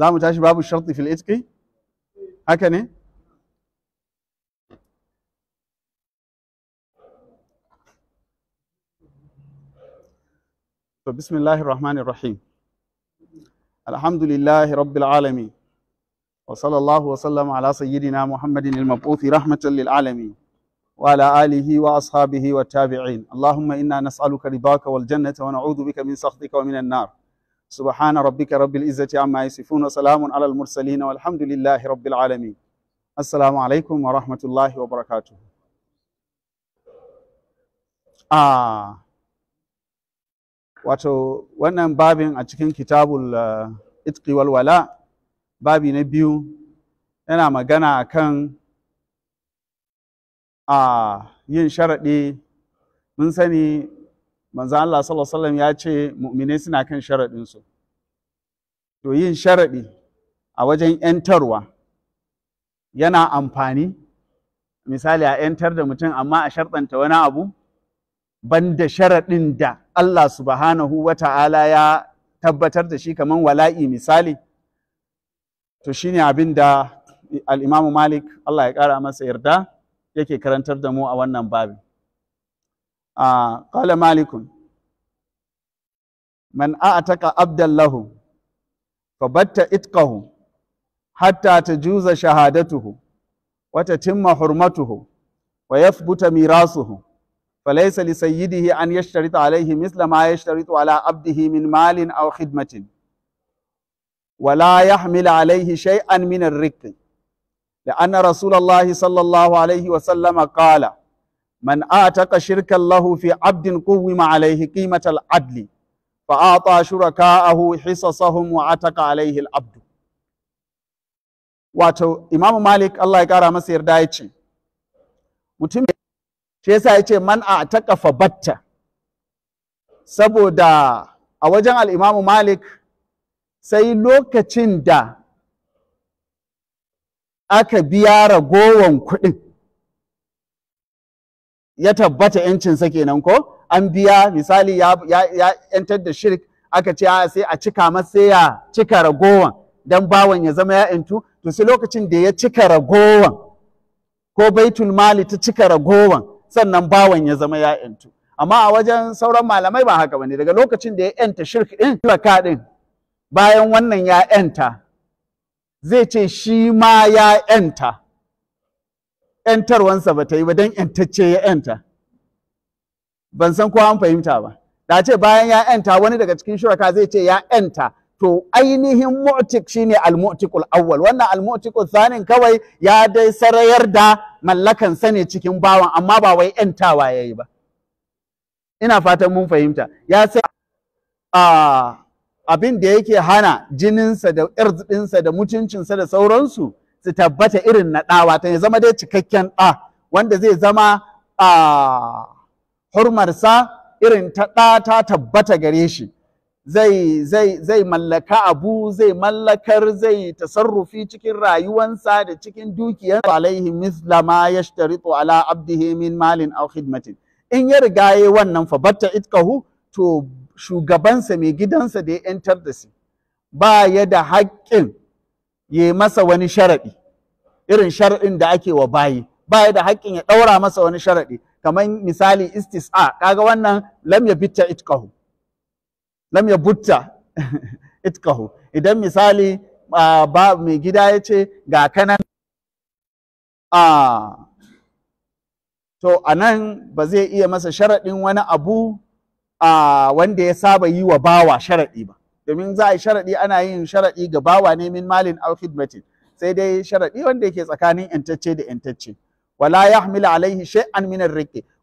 زعم تعيش باب الشرطي في الاتقي هكني طيب، بسم الله الرحمن الرحيم الحمد لله رب العالمين وصلى الله وسلم على سيدنا محمد المبعوث رحمة للعالمين وعلى آله وأصحابه والتابعين اللهم إنا نسألك رضاك والجنة ونعوذ بك من سخطك ومن النار سبحان ربك رب العزة عما يصفون وسلام على المرسلين والحمد لله رب العالمين السلام عليكم ورحمة الله وبركاته wato wannan babin a cikin kitabul uh, itqi wal wala babi na biyu yana magana kan a yin sharaɗi mun sani manzo Allah sallallahu alaihi wasallam ya ce mu'mine suna kan sharaɗinsu to yin sharaɗi a wajen ‘yantarwa yana amfani misali a ‘yantar da mutum amma a sharɗanta wani abu banda sharaɗin da Allah subhanahu wa ta'ala ya tabbatar da shi kamar wala'i misali to ne abin da al'imamu malik Allah ya ƙara masa yarda yake karantar da mu a wannan babin قال مالك من أعتق عبدا fabatta itqahu hatta tajuza shahadatuhu wa tatimma hurmatuhu wa yathbuta mirasuhu falaysa li sayyidihi an yashtarita alayhi misla ma yashtaritu ala abdihi min malin aw khidmatin ولا يحمل عليه شيئا من الرق لأن رسول الله صلى الله عليه وسلم قال من آتك شركا له في عبد قوم عليه قيمة العدل fa'ata shuraka'ahu hisasahum wa ataka alaihi abdu wato imamu malik Allah ya kara masa yarda ya ce mutum shi yasa ya ce man a ataka fa batta saboda a wajen al'imamu malik sai lokacin da aka biya ragowan kuɗin ya tabbata ‘yancinsa kenan ko? an biya misali ya yantar da shirk aka ce sai a cika masa ya cika ragowan don bawan ya zama ya yantu to sai lokacin da ya cika ragowan ko baitul mali ta cika ragowan sannan bawan ya zama ya yantu amma a wajen sauran malamai ba haka bane daga lokacin da ya yanta shirk din raka din bayan wannan ya yanta zai ce shi ma ya yanta yantarwansa ba ta yi ba don yantacce ya yanta ban san kowa an fahimta ba da ce bayan ya yanta wani daga cikin shuraka zai ce ya yanta to ainihin mu'tik shine al-mu'tikul awwal wannan al-mu'tikul kawai ya dai sarayar da mallakan sani cikin bawan amma ba wai yantawa yayi ba ina fatan mun fahimta ya sai abin da yake hana jininsa da irzinsa da mutuncinsa da sauransu su tabbata irin na ɗawa ta ya zama dai cikakken ɗa wanda zai zama a hurmarsa irin ta ɗa ta tabbata gare shi zai mallaka abu zai mallakar zai tasarrufi cikin rayuwansa da cikin dukiyar alaihi misla ma yashtaritu ala abdihi min malin aw khidmatin in ya riga yayi wannan fa batta itkahu to shugabansa mai gidansa da ya yantar da shi ba ya da haƙƙin ya masa wani sharaɗi irin sharaɗin da ake wa bayi ba ya da haƙƙin ya ɗaura masa wani sharaɗi kamar misali istis'a kaga wannan lam ya bitta itqahu lam ya butta itqahu idan misali uh, ba mai gida ya ce ga kanan uh, to a nan ba zai iya masa sharaɗin wani abu uh, wanda ya saba yi wa bawa sharaɗi ba domin za a yi sharaɗi ana yin sharaɗi ga bawa ne min malin alfidmatin sai dai sharaɗi wanda yake tsakanin 'yantacce da 'yantacce. wala hamila alaihi shay'an min ar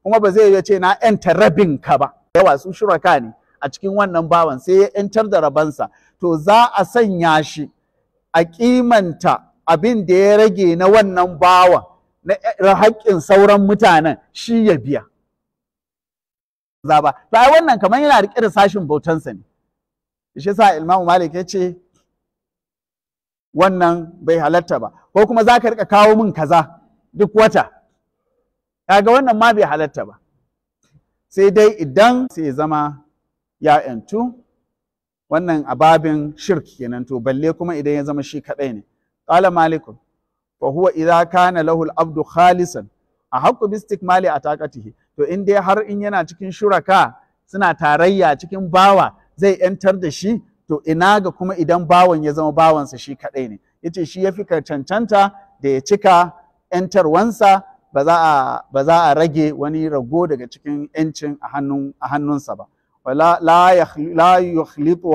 kuma ba zai ce na yanta rabin ka ba yawa su shuraka ne a cikin wannan bawan sai ya yantar da rabansa to za a sanya shi a kimanta abin da ya rage na wannan bawan na haƙƙin sauran mutanen shi ya biya za ba ba wannan kamar yana riƙe da sashin bautansa ne shi sa Imam Malik ya ce wannan bai halatta ba ko kuma za ka riƙa kawo min kaza duk wata kaga wannan ma bai halatta ba sai dai idan sai zama ya yantu wannan ababin shirki kenan to balle kuma idan ya zama shi kadai ne qala malikun fa huwa idza kana lahu al-abdu khalisan a haqqu bi istikmali ataqatihi to in dai har in yana cikin shuraka suna tarayya cikin bawa zai yantar da shi to ina ga kuma idan bawan ya zama bawansa shi kadai ne Ya ce shi ya yafi cancanta da ya cika 'yantarwansa ba za a rage wani rago daga cikin 'yancin a hannunsa ba la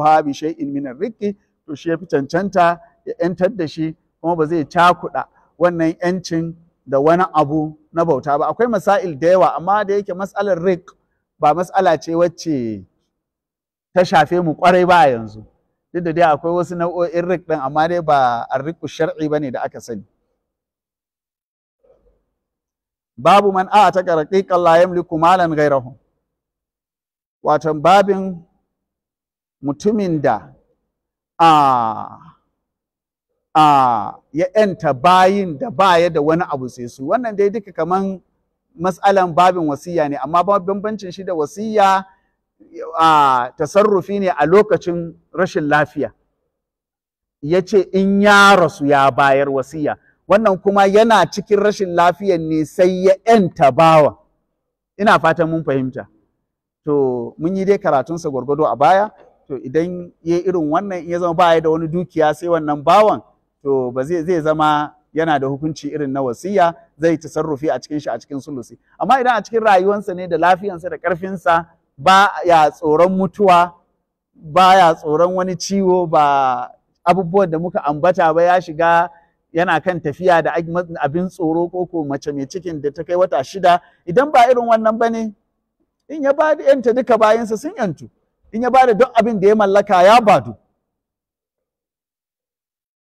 ha bi shay'in min ar-riqi to shi yafi cancanta ya 'yantar da shi kuma ba zai cakuɗa wannan 'yancin da wani abu na bauta ba akwai masail da yawa amma da yake matsalar rik ba mas'ala ce wacce ta shafe mu kwarai ba yanzu duk da dai akwai wasu nau'o'in rik ɗin, amma dai ba a riƙu shar'i ne da aka sani babu man a ta raqiqan la yamliku malan gairahu. watan babin mutumin da a a ya yanta bayin da baya da wani abu sai su wannan dai duka kaman matsalan babin wasiya ne amma bambancin shi da wasiya a tasarrufi ne a lokacin rashin lafiya ya ce in ya rasu ya bayar wasiya wannan kuma yana cikin rashin lafiyan ne sai ya ‘yanta bawa ina fatan mun fahimta to mun yi dai karatunsa gwargwado a baya to idan ya irin wannan ya zama baya da wani dukiya sai wannan bawan to ba zai zama yana da hukunci irin na wasiya zai ta sarrufi a cikin shi a cikin sulusi amma idan a cikin rayuwansa ne da lafiyansa da ƙarfinsa ba ya tsoron mutuwa ba ya tsoron wani ciwo ba abubuwan da muka ambata ba ya shiga yana kan tafiya da abin tsoro koko mace mai cikin da ta kai wata shida idan ba irin wannan bane in ya ba da yanta duka bayansa sun yantu in ya ba da duk abin da ya mallaka ya badu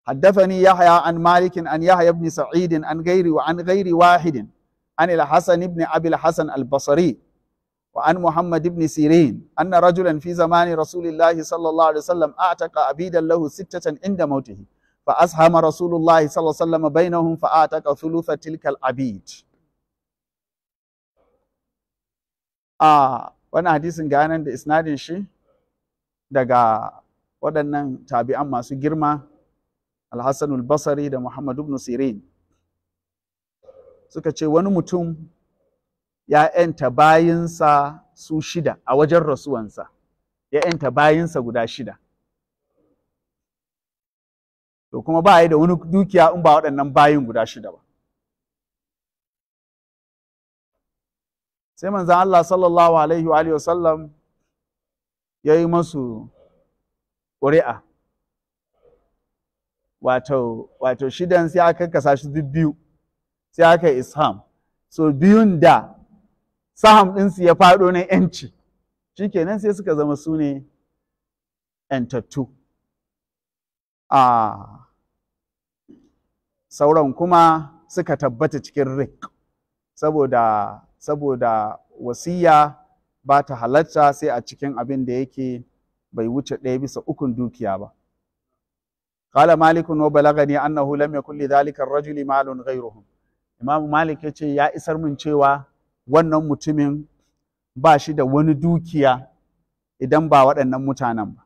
حدثني يحيى عن مالك عن يحيى بن سعيد عن غير وعن غير واحد عن الحسن بن ابي الحسن البصري وعن محمد بن سيرين ان رجلا في زمان رسول الله صلى الله عليه وسلم اعتق عبيدا له سته عند موته fa ashama rasulullahi sallallahu alaihi wasallam bainahum fa ataka thulutha tilkal abid a wani hadisin ga nan da isnadin shi daga waɗannan tabi'an masu girma al-Hassan da Muhammad ibn Sirin suka ce wani mutum ya ‘yanta bayinsa su shida a wajen rasuwansa, ya ‘yanta bayinsa guda shida. to kuma ba yi da wani dukiya in ba waɗannan bayin guda shida ba sai manzan Allah sallallahu alaihi wa sallam ya yi masu ƙuri'a wato shidan sai aka kasa shi duk biyu sai aka isham so biyun da saham ɗinsu ya faɗo na yanci shi kenan sai suka zama su ne yantattu a sauran kuma suka tabbata cikin rik saboda saboda wasiya ba ta halatta sai a cikin abin da yake bai wuce ɗaya bisa ukun dukiya ba qala malik wa balagani annahu lam yakun li kulle, dalikan rajuli malun ghayruhum imamu malik ya ce ya isar min cewa wannan mutumin ba shi da wani dukiya idan ba waɗannan mutanen ba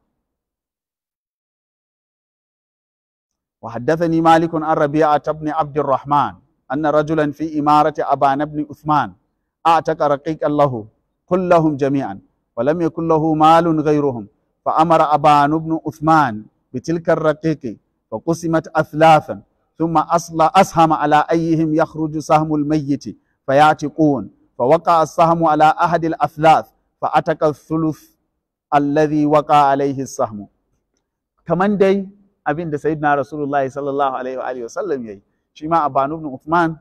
وحدثني مالك عن ربيعة بن عبد الرحمن أن رجلا في إمارة أبان بن عثمان أعتق رقيق الله كلهم جميعا ولم يكن له مال غيرهم فأمر أبان بن عثمان بتلك الرقيق فقسمت أثلاثا ثم أصل أسهم على أيهم يخرج سهم الميت فيعتقون فوقع السهم على أحد الأثلاث فأتك الثلث الذي وقع عليه السهم كمان دي abin da sayyidina rasulullah sallallahu alaihi wa sallam yayi shi ma abanu ibn uthman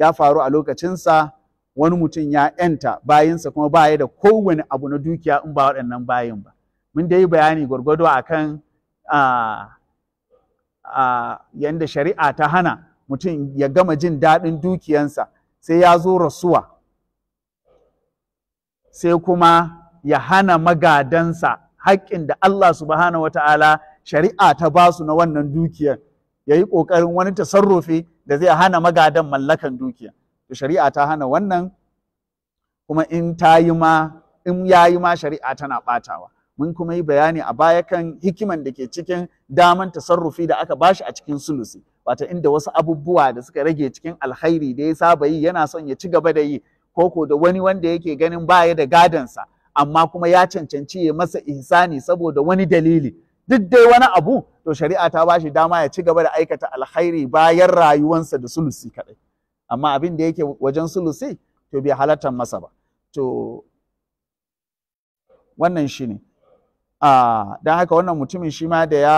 ya faru a lokacinsa wani mutum ya enta bayinsa kuma baya da kowane abu na dukiya in ba waɗannan bayin ba mun dai bayani gwargwado akan a yanda shari'a ta hana mutum ya gama jin daɗin dukiyansa sai ya zo rasuwa sai kuma ya hana magadansa haƙƙin da Allah subhanahu wa ta'ala shari'a ta ba su na wannan dukiyar ya yi ƙoƙarin wani tasarrufi da zai hana magadan mallakan dukiya to shari'a ta hana wannan kuma in ta yi ma in ya yi ma shari'a tana ɓatawa mun kuma yi bayani a baya kan hikiman da ke cikin daman tasarrufi da aka bashi a cikin sulusi wato inda wasu abubuwa da suka rage cikin alkhairi da ya saba yi yana son ya ci gaba da yi koko da wani wanda yake ganin baya da gadansa amma kuma ya cancanci ya masa ihsani saboda wani dalili duk dai wani abu to shari'a ta bashi dama ya ci gaba da aikata alkhairi bayan rayuwansa da sulusi kaɗai amma abin da yake wajen sulusi to bai halartar masa ba to wannan shi ne don haka wannan mutumin shi ma da ya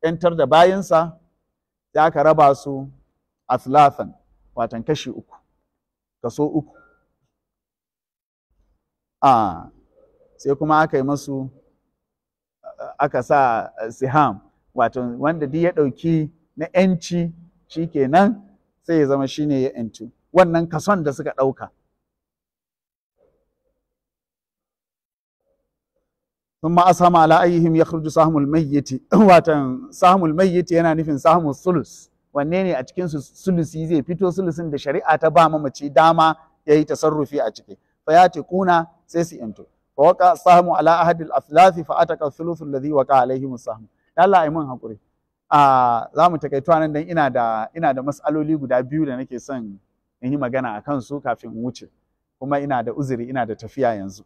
‘yantar da bayinsa, ya ka raba su athlathan watan kashi uku kaso uku sai kuma aka yi masu aka sa eh, siham wato wanda duk ya ɗauki na yanci shi kenan sai ya zama shine ya yanci wannan kason da suka ɗauka ثم أسهم على أيهم يخرج سهم الميت watan sahmul mayyit yana nufin sahmul sulus wanne ne a cikin sulusi zai fito sulusin da shari'a ta ba mamaci dama ya yi tasarrufi a ciki fa ya kuna sai su yanto وقع samu ala fa ataka فأتك alladhi waka وقع musahmu السهم Allah ai mun hakuri a za mu takaito nan dan ina da ina da masaloli guda biyu da nake son in yi magana a su kafin wuce kuma ina da uzuri ina da tafiya yanzu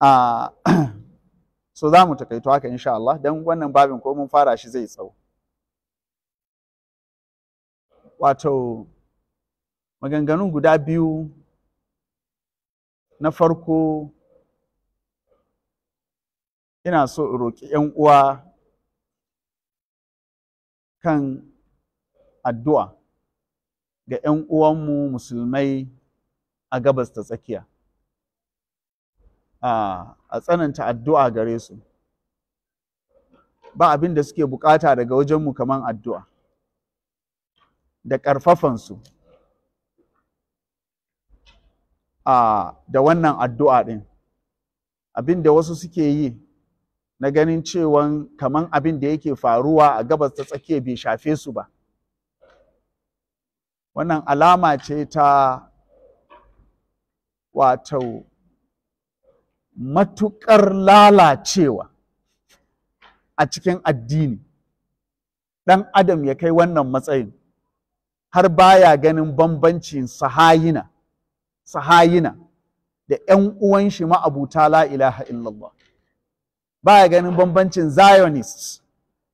a so za mu takaito haka insha Allah dan wannan babin ko mun fara shi zai tsawo wato maganganun guda biyu na farko ina so in roƙi ‘yan uwa kan addu'a ga ‘yan uwanmu musulmai a gabas ta tsakiya, a tsananta addu'a gare su, ba abin da suke bukata daga wajenmu kamar addu'a, da ƙarfafansu. su. a da wannan addu'a ɗin abin da wasu suke yi na ganin cewa kaman abin da yake faruwa a gabas ta tsakiya bai shafe su ba wannan alama ce ta wato matuƙar lalacewa a cikin addini ɗan adam ya kai wannan matsayin har baya ganin bambancin sahayina sahayina da ‘yan uwan shi ma'abuta la ilaha illallah ba ya ganin bambancin zionists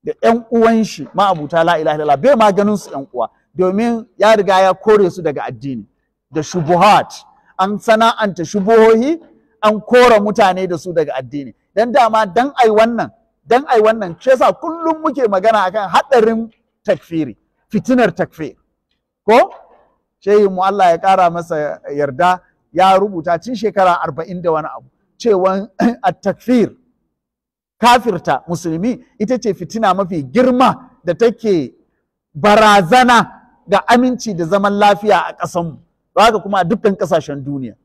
da ‘yan uwan shi ma'abuta la illallah bai ma ganin su ‘yan uwa domin ya riga ya kore su daga addini da shubuhat an sana'anta shubuhohi an kora mutane da su daga addini dan dama dan ai wannan dan ai wannan ce yasa kullum muke magana akan hadarin takfiri fitinar takfir ko shehin mu Allah ya kara masa yarda ya rubuta tun shekara arba'in da wani abu cewan a takfir kafirta musulmi ita ce fitina mafi girma da take barazana da aminci da zaman lafiya a ƙasanmu haka kuma dukkan kasashen duniya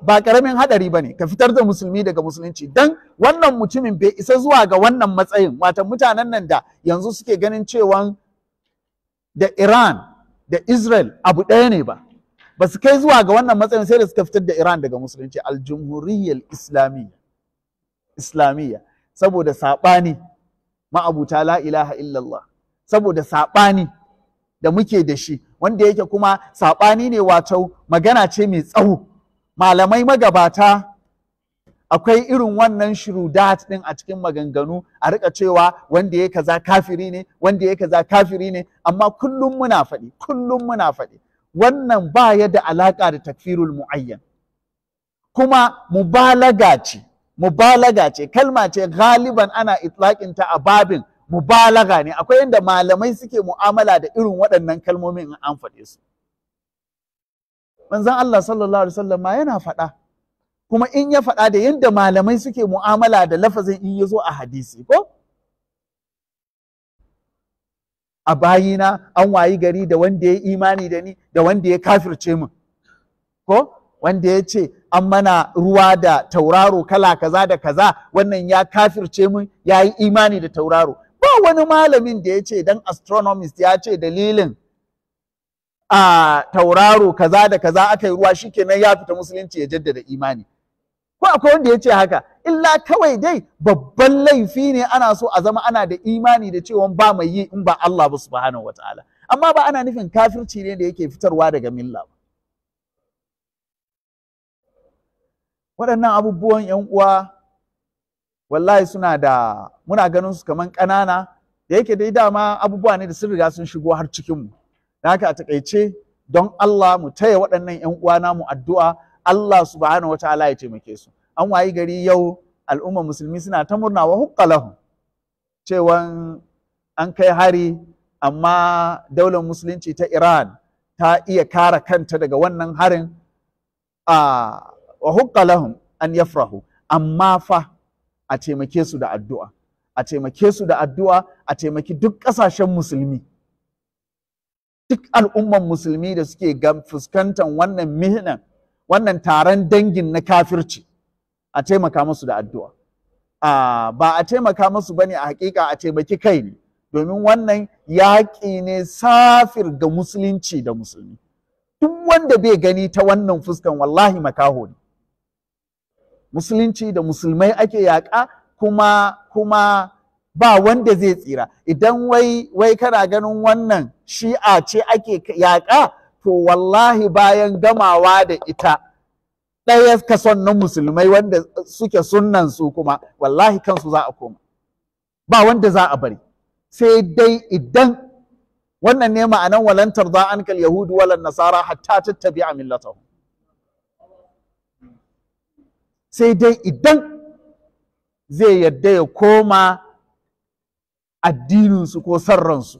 ba karamin haɗari ba ne ka fitar da musulmi daga musulunci Don wannan mutumin bai isa zuwa ga wannan matsayin wata mutanen nan da yanzu suke ganin cewan da Iran da Israel abu ɗaya ne ba ba su kai zuwa ga wannan matsayin sai da suka fitar da Iran daga musulunci aljumhuriyar islamiyya islamiyya saboda saɓani ma'abuta la ilaha illallah saboda saɓani da muke da shi wanda yake kuma saɓani ne wato magana ce mai tsawo malamai magabata akwai irin wannan shiru dat din a cikin maganganu a rika cewa wanda ya kaza kafiri ne wanda ya kaza kafiri ne amma kullum muna faɗi kullum muna faɗi wannan ba ya da alaƙa da takfirul muayyan kuma mubalaga ce mubalaga ce kalma ce galiban ana itlaqin ta a babin mubalaga ne akwai inda malamai suke mu'amala da irin waɗannan kalmomin an faɗe su manzon Allah sallallahu alaihi wasallam yana faɗa kuma in ya faɗa da yadda malamai suke mu'amala da lafazin in ya zo a hadisi ko a bayina an wayi gari da wanda ya imani da ni da wanda ya kafirce mu, ko wanda ya ce an mana ruwa da tauraro kala kaza da kaza wannan ya kafirce mu ya yi imani da tauraro ba wani malamin da ya ce dan astronomist ya ce dalilin a tauraro kaza da kaza aka yi ruwa shi shikenan ya fita musulunci ya jaddada imani ko akwai wanda ya ce haka illa kawai dai babban laifi ne ana so a zama ana da imani da cewa ba mai yi in ba Allah ba subhanahu wataala amma ba ana nufin kafirci ne da yake fitarwa daga milla ba waɗannan abubuwan yan uwa wallahi suna da muna ganin su kaman ƙanana da yake dai dama abubuwa ne da sun riga sun shigo har cikin mu haka a takaice don Allah mu taya waɗannan yan uwa namu addu'a Allah subhanahu wataala ya taimake su an wayi gari yau al'umma musulmi suna ta murna wa hukka lahum cewan an kai hari amma daular musulunci ta Iran ta iya kara kanta daga wannan harin a wa hukka lahum an yafrahu amma fa a taimake su da addu'a a taimake su da addu'a a taimaki duk ƙasashen musulmi duk al'umman musulmi da suke fuskantar wannan mihinan wannan taron dangin na kafirci a taimaka musu da addu'a ba a taimaka musu ne a hakika a taimaki kai ne domin wannan yaƙi ne safir ga musulunci da musulmi duk wanda bai gani ta wannan fuskan wallahi makaho ne musulunci da musulmai ake yaƙa kuma kuma ba wanda zai tsira idan wai wai kana ganin wannan shi'a ce ake yaƙa to wallahi bayan gamawa da ita ɗaya ka son na musulmai wanda suke sunansu kuma wallahi kansu za a koma ba wanda za a bari sai dai idan wannan ne ma'anan walantar za an kal yahudu walan nasara hatta tattabi a millata sai dai idan zai yadda ya koma addininsu ko sarransu.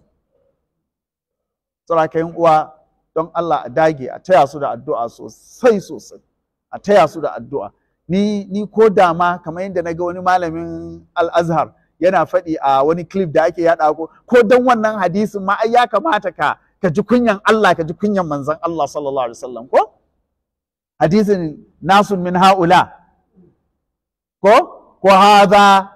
Tsarakayin uwa don Allah a dage a taya su da addu'a sosai sosai a taya su da addu'a ni ni ko dama kamar yadda na ga wani malamin al-azhar yana faɗi a wani clip da ake yaɗa ko ko dan wannan hadisin ma ai ya kamata ka ka ji kunyan Allah ka ji kunyan manzon Allah sallallahu alaihi wasallam ko hadisin nasun min haula ko ko hadha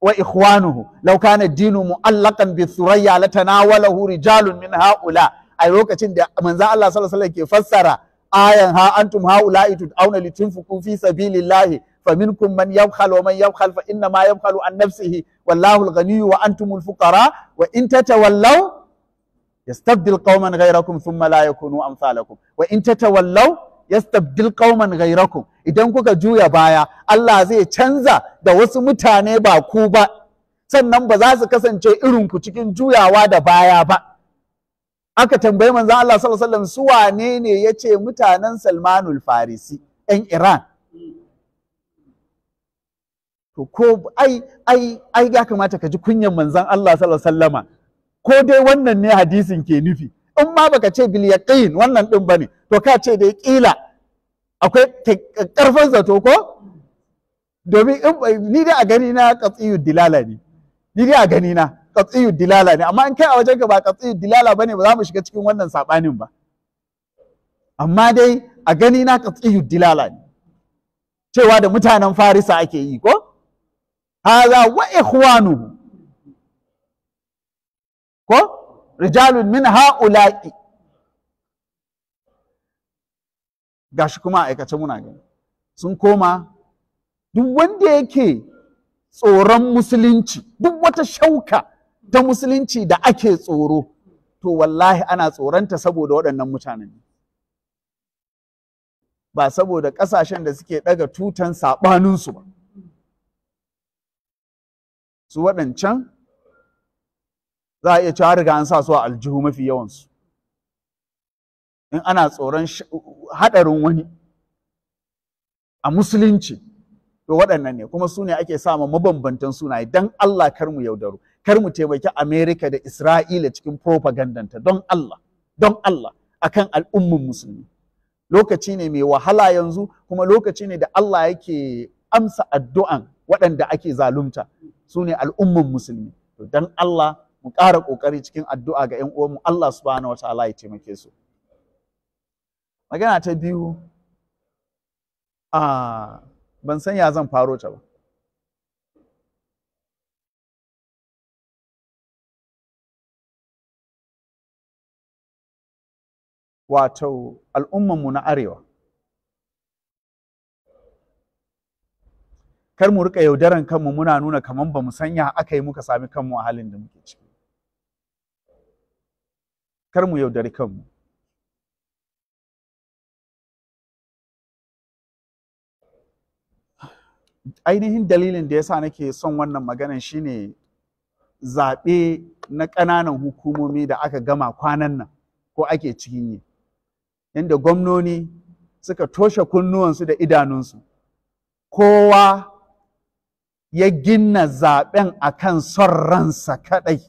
wa ikhwanuhu law kana dinu mu'allaqan bi thurayya latanawalahu rijalun min haula a lokacin da manza Allah sallallahu alaihi ke fassara ayan ha antum haula'i tud'auna litunfiqu fi sabilillahi faminkum man yabkhalu wa man yabkhal fa inna ma yabkhalu an nafsihi wallahu al-ghaniyyu wa antumul fuqara wa in tatawallaw yastabdil qauman ghayrakum thumma la yakunu amsalakum wa in tatawallaw yastabdil qauman ghayrakum idan kuka juya baya Allah zai canza da wasu mutane ba ku ba sannan ba za su kasance irin ku cikin juyawa da baya ba aka tambayi manzo Allah sallallahu alaihi wasallam su wane ne yace mutanen Salmanul Farisi ɗan Iran to ko ai ai ai ya kamata ka ji kunyan manzon Allah sallallahu alaihi wasallama ko dai wannan ne hadisin ke nufi in ma baka ce bil yaqin wannan din bane to ka ce dai kila akwai karfin zato ko domin ni dai a gani na qat'iyud dilala ne ni dai a gani na katsiyu dilala ne amma in kai a wajen ka ba katsiyu dilala bane ba za mu shiga cikin wannan sabanin ba amma dai a gani na katsiyu dilala ne cewa da mutanen farisa ake yi ko hadha wa ikhwanu ko rijalun min ha'ula'i gashi kuma aikace muna gani sun koma duk wanda yake tsoron musulunci duk wata shauka ta musulunci da ake tsoro to wallahi ana tsoronta saboda waɗannan mutanen ba saboda ƙasashen da suke ɗaga tutan saɓaninsu ba su waɗancan za a iya cewa riga an sa su a aljihu mafi yawansu in ana tsoron haɗarin wani a musulunci to waɗannan ne kuma su ne ake sama mabambantan sunaye don Allah kar mu yaudaru kar mu taimaki Amerika da Isra'ila cikin propagandanta don Allah don Allah akan al'ummin musulmi lokaci ne mai wahala yanzu kuma lokaci ne da Allah yake amsa addu'an waɗanda ake zalunta su ne al'ummin musulmi to don Allah mu ƙara ƙoƙari cikin addu'a ga ‘yan uwanmu Allah subhanahu wataala ya taimake su magana ta biyu ah, ban san ya zan faro ta ba wato al'ummanmu na arewa kar mu rika yaudaran kanmu muna nuna kamar ba mu sanya aka yi muka sami kanmu a halin da muke ciki kar mu yaudari kanmu ainihin dalilin da yasa nake son wannan maganan shine zaɓe na ƙananan hukumomi da aka gama kwanan nan ko ake cikin yi inda gwamnoni suka toshe kunnuwansu da idanunsu kowa ya gina zaɓen akan son ransa kaɗai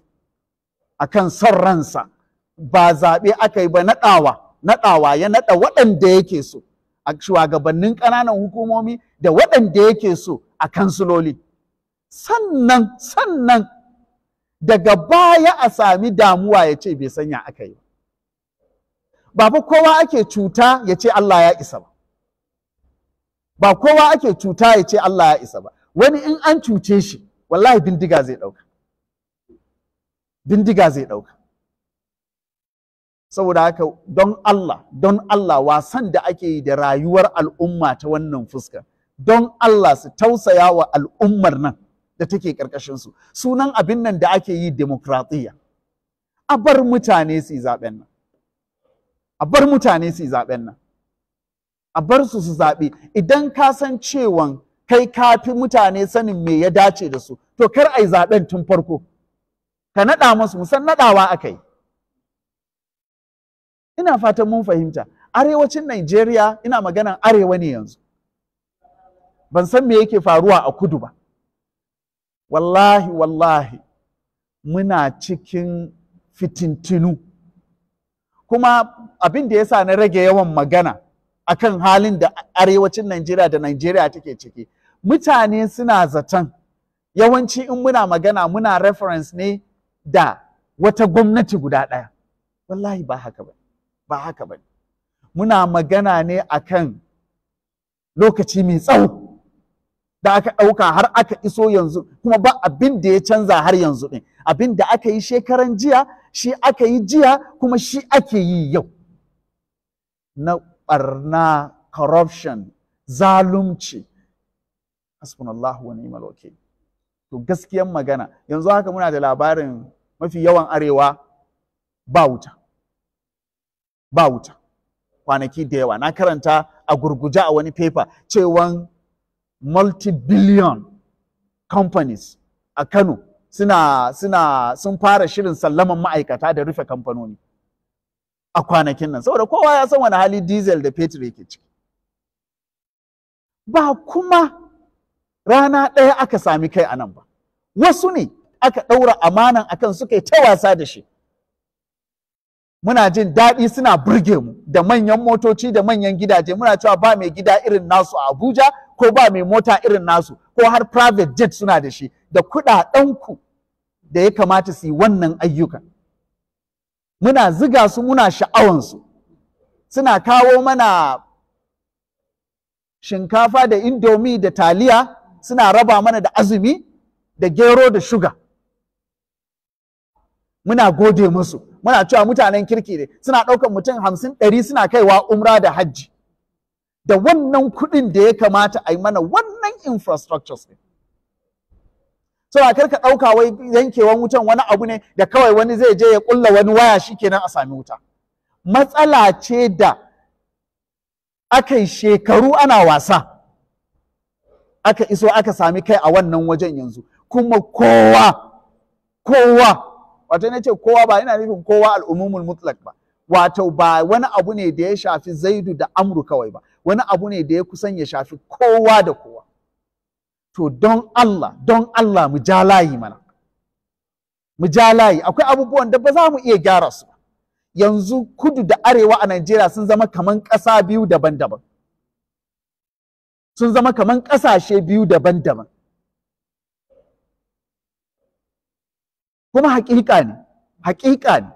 kan son ransa ba zaɓe aka yi ba naɗawa naɗawa ya naɗa waɗanda yake so a shugabannin ƙananan hukumomi da waɗanda yake so a kansiloli sannan sannan daga baya a sami damuwa ya ce bai sanya aka yi ba fa kowa ake cuta ya ce Allah ya isa ba ba kowa ake cuta ya ce Allah ya isa ba wani in an cuce shi wallahi bindiga zai ɗauka bindiga zai ɗauka saboda haka don Allah don Allah wasan da ake yi da rayuwar al'umma ta wannan fuskar don Allah su tausaya wa al'ummar nan da take ƙarƙashinsu sunan abin nan da ake yi demokratiya a bar mutane su yi zaɓen nan a bar mutane su zaɓen nan a bar su su zaɓe idan ka san cewan kai ka fi mutane sanin me ya dace da su to kar a yi zaɓen tun farko ka naɗa musu musan naɗawa aka yi ina fatan mun fahimta arewacin Najeriya ina maganan arewa ne yanzu ban san me yake faruwa a kudu ba wallahi wallahi muna cikin fitintinu kuma abin da sa na rage yawan magana akan halin da arewacin Najeriya da Najeriya take ciki mutane suna zaton yawanci in muna magana muna reference ne da wata gwamnati guda ɗaya wallahi ba haka ba ba haka ba muna magana ne akan lokaci mai tsawo da aka ɗauka har aka iso yanzu kuma ba abin da ya canza har yanzu ɗin abin da aka yi shekaran jiya shi aka yi jiya kuma shi ake yi yau na ɓarna corruption zalunci hasbunallahu wa ni'mal wakil to gaskiyan magana yanzu haka muna da labarin mafi yawan arewa ba wuta ba wuta kwanaki da yawa na karanta a gurguje a wani paper cewan multi-billion companies a Kano suna suna sun fara shirin sallaman ma'aikata da rufe kamfanoni a kwanakin nan saboda kowa ya san wani hali diesel da fetur yake ciki ba kuma rana ɗaya aka sami kai a nan ba wasu ne aka ɗaura amanan akan suka yi ta wasa da shi muna jin daɗi suna burge mu da manyan motoci da manyan gidaje muna cewa ba mai gida irin nasu a abuja ko ba mai mota irin nasu ko har private jet suna da shi da kuɗaɗen ku da ya kamata su yi wannan ayyukan muna ziga su muna sha'awansu suna kawo mana shinkafa da indomi da taliya suna raba mana da azumi da gero da shuga muna gode musu muna cewa mutanen kirki ne suna ɗaukar mutum hamsin ɗari suna kaiwa umra da hajji da wannan kuɗin da ya kamata a yi mana wannan infrastructures ne so kar ka ɗauka wai yankewan wutan wani abu ne da kawai wani zai je ya kulla wani waya shikenan a sami wuta matsala ce da aka shekaru ana wasa aka iso aka sami kai a wannan wajen yanzu kuma kowa kowa wato na ce kowa ba yana nufin kowa al'umumul mutlak ba wato ba wani abu ne da ya shafi zaidu da amru kawai ba wani abu ne da ya kusan ya shafi kowa da kowa to don Allah don Allah mu ja layi mana mu ja layi akwai abubuwan da ba za mu iya gyara su yanzu kudu da arewa a Najeriya sun zama kaman ƙasa biyu daban-daban sun zama kaman ƙasashe biyu daban-daban kuma haƙiƙa ne haƙiƙa ne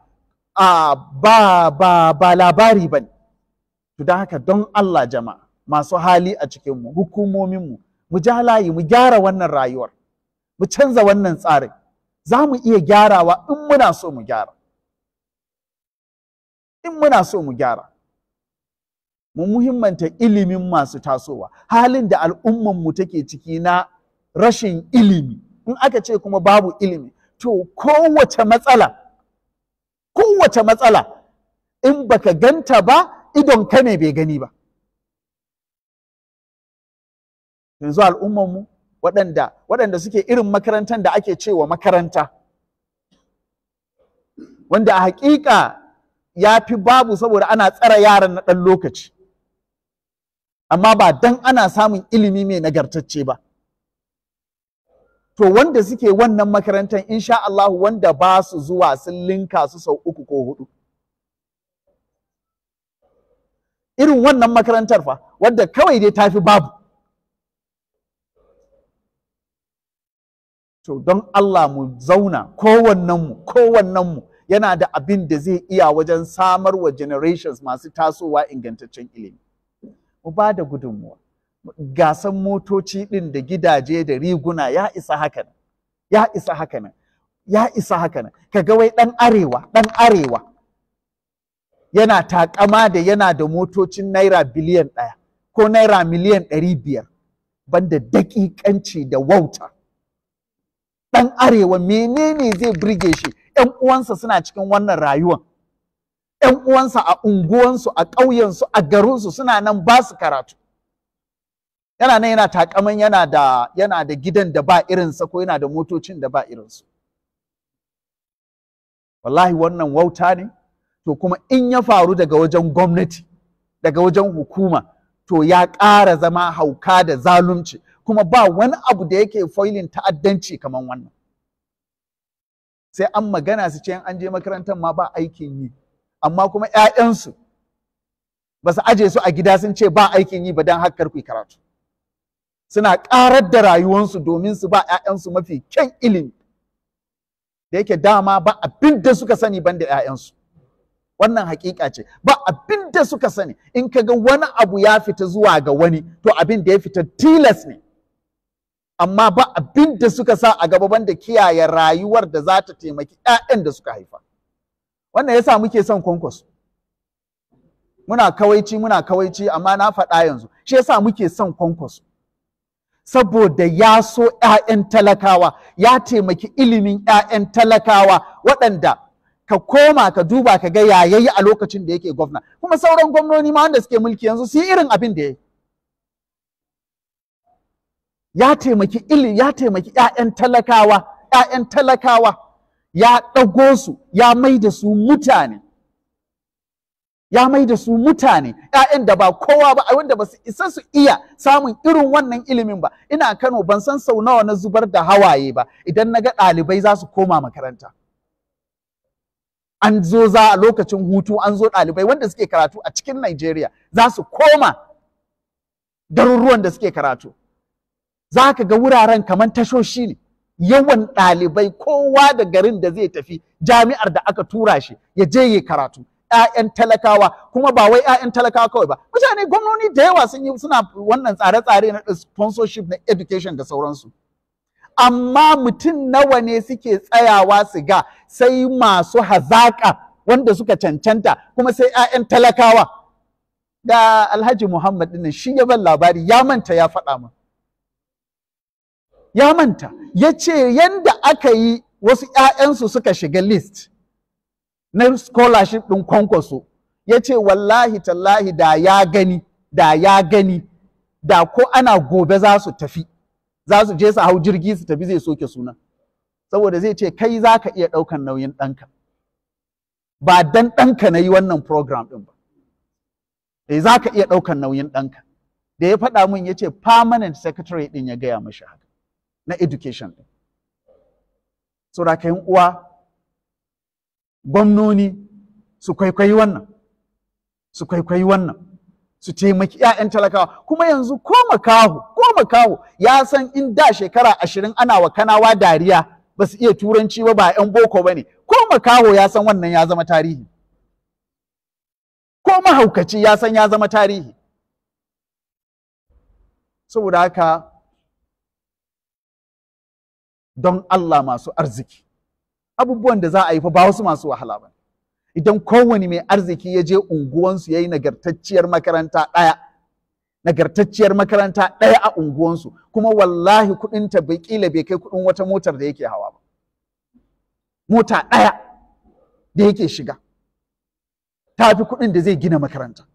a ba ba ba labari ba ne to don haka don Allah jama'a masu hali a cikinmu hukumominmu mu ja layi mu gyara wannan rayuwar mu canza wannan tsarin za mu iya gyarawa in muna so mu gyara in muna so mu gyara mu muhimmanta ilimin masu tasowa halin da al'ummanmu take ciki na rashin ilimi in aka ce kuma babu ilimi to kowace matsala kowace matsala in baka ganta ba idon ka ne bai gani ba yanzu al'ummanmu waɗanda waɗanda suke irin makarantar da ake cewa makaranta wanda a haƙiƙa ya fi babu saboda ana tsara yaran na ɗan lokaci amma ba dan ana samun ilimi mai nagartacce ba to wanda suke wannan makarantar insha Allah wanda ba su zuwa sun linka su sau uku ko hudu irin wannan makarantar fa wadda kawai dai tafi babu to don Allah mu zauna kowannenmu kowannenmu yana da abin da zai iya wajen samar wa generations masu tasowa ingantaccen ilimi mu ba da gudunmuwa gasan motoci ɗin da gidaje da riguna ya isa hakan ya isa hakan ya isa hakan kaga wai ɗan arewa ɗan arewa yana takama da yana da motocin naira biliyan ɗaya ko naira miliyan ɗari biyar banda daƙiƙanci da wauta ɗan arewa menene zai burge shi ‘yan uwansa suna cikin wannan rayuwan ‘yan uwansa a unguwansu a ƙauyensu a garinsu suna nan ba su karatu yana nan yana takaman yana da yana da gidan da ba irinsa ko yana da motocin da ba irinsu wallahi wannan wauta ne to kuma in ya faru daga wajen gwamnati daga wajen hukuma to ya ƙara zama hauka da zalunci kuma ba wani abu da yake foilin ta'addanci kamar wannan sai an magana su ce an je makarantar ma ba aikin yi amma kuma 'ya'yansu ba su aje su a gida sun ce ba aikin yi ba don hakkar ku karatu suna ƙarar da rayuwansu domin su ba 'ya'yansu mafi kyan ilimi da yake dama ba abin da suka sani ban da 'ya'yansu wannan hakika ce ba abin da suka sani in ka ga wani abu ya fita zuwa ga wani to abin da ya fita tilas ne amma ba abin da suka sa a gaba banda kiyaye rayuwar da za ta taimaki 'ya'yan da suka haifa wannan yasa muke son konkos. muna kawaici muna kawaici amma na faɗa yanzu shi yasa muke son konkos? saboda ya so 'ya'yan talakawa ya taimaki ilimin 'ya'yan talakawa waɗanda ka koma ka duba ka ga yayayi a lokacin da yake gwamna kuma sauran gwamnoni ma wanda suke mulki yanzu su yi irin abin da ya ya taimaki ili ya taimaki ƴaƴan talakawa yayan talakawa ya ɗago su ya mai da su mutane ya mai da su mutane ‘ya'yan da ba kowa ba wanda ba su isa su iya samun irin wannan ilimin ba ina kano ban san sau nawa na zubar da hawaye ba idan na ga ɗalibai za su koma makaranta an zo za a lokacin hutu an zo ɗalibai wanda suke karatu a cikin Najeriya za su koma garuruwan da suke karatu za ka ga wuraren kamar tashoshi ne yawan ɗalibai kowa da garin da zai tafi jami'ar da aka tura shi ya je yi karatu 'ya'yan talakawa kuma ba wai 'ya'yan talakawa kawai ba mutane gwamnoni da yawa sun yi suna wannan tsare-tsare na sponsorship na education da sauransu amma mutum nawa ne suke tsayawa su ga sai masu hazaƙa wanda suka cancanta kuma sai 'ya'yan talakawa da alhaji muhammad ɗin shi ya ban labari ya manta ya faɗa mun ya manta ya ce yadda aka yi wasu 'ya'yansu suka shiga list na scholarship ɗin kwankwaso ya ce wallahi tallahi da ya gani da ya gani da ko ana gobe za su tafi za su je su hau jirgi su tafi zai soke suna saboda zai ce kai za ka iya ɗaukan nauyin ɗanka ba dan ɗanka na yi wannan program ɗin ba e za ka iya ɗaukan nauyin ɗanka da ya faɗa min ya ce permanent secretary ɗin ya gaya mashi haka na education ɗin saboda uwa gwamnoni su kwaikwayi wannan su kwaikwayi wannan su taimaki 'ya'yan talakawa kuma yanzu ko makaho ko makaho ya san in da shekara ashirin ana wa kanawa dariya ba su iya turanci ba ba 'yan boko ba ne ko makaho ya san wannan ya zama tarihi ko mahaukaci ya san ya zama tarihi saboda haka don Allah masu arziki abubuwan da za a yi fa ba wasu masu wahala ba idan kowane mai arziki ya je unguwansu ya yi nagartacciyar makaranta ɗaya nagartacciyar makaranta ɗaya a unguwansu kuma wallahi kuɗinta bai ƙila bai kai kuɗin wata motar da yake hawa ba mota ɗaya da yake shiga ta fi kuɗin da zai gina makaranta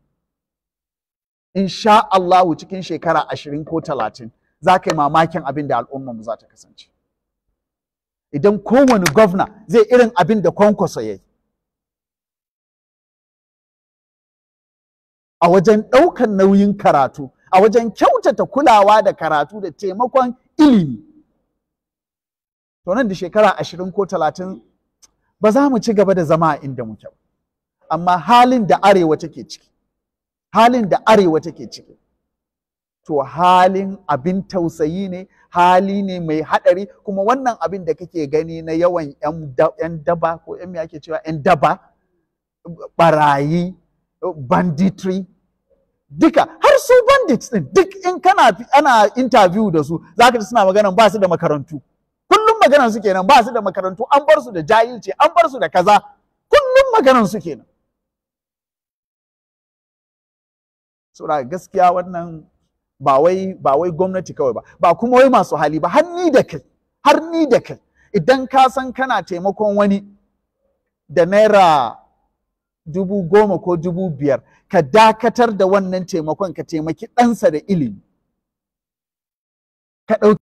insha Allahu cikin shekara ashirin ko talatin za ka yi mamakin abin da al'ummar mu za ta kasance idan kowane gwamna zai irin abin da kwankwaso ya yi a wajen ɗaukan nauyin karatu a wajen kyautata kulawa da karatu da taimakon ilimi to nan da shekara ashirin ko talatin ba za mu ci gaba da zama a inda muke amma halin da arewa take ciki halin da arewa take ciki to halin abin tausayi ne hali ne mai haɗari kuma wannan abin da kake gani na yawan 'yan daba ko 'yan ake cewa 'yan daba barayi banditry duka har su bandits din duk in kana ana interview da su ka ji suna magana ba su da makarantu kullum maganan su kenan ba su da makarantu an bar su da jahilci an bar su da kaza kullum maganan su kenan saboda gaskiya wannan ba wai gwamnati kawai ba ba kuma wai masu hali ba har ni da kai idan ka san kana taimakon wani da naira dubu goma ko dubu biyar ka dakatar da wannan taimakon ka taimaki ɗansa da ilimi ka ɗauki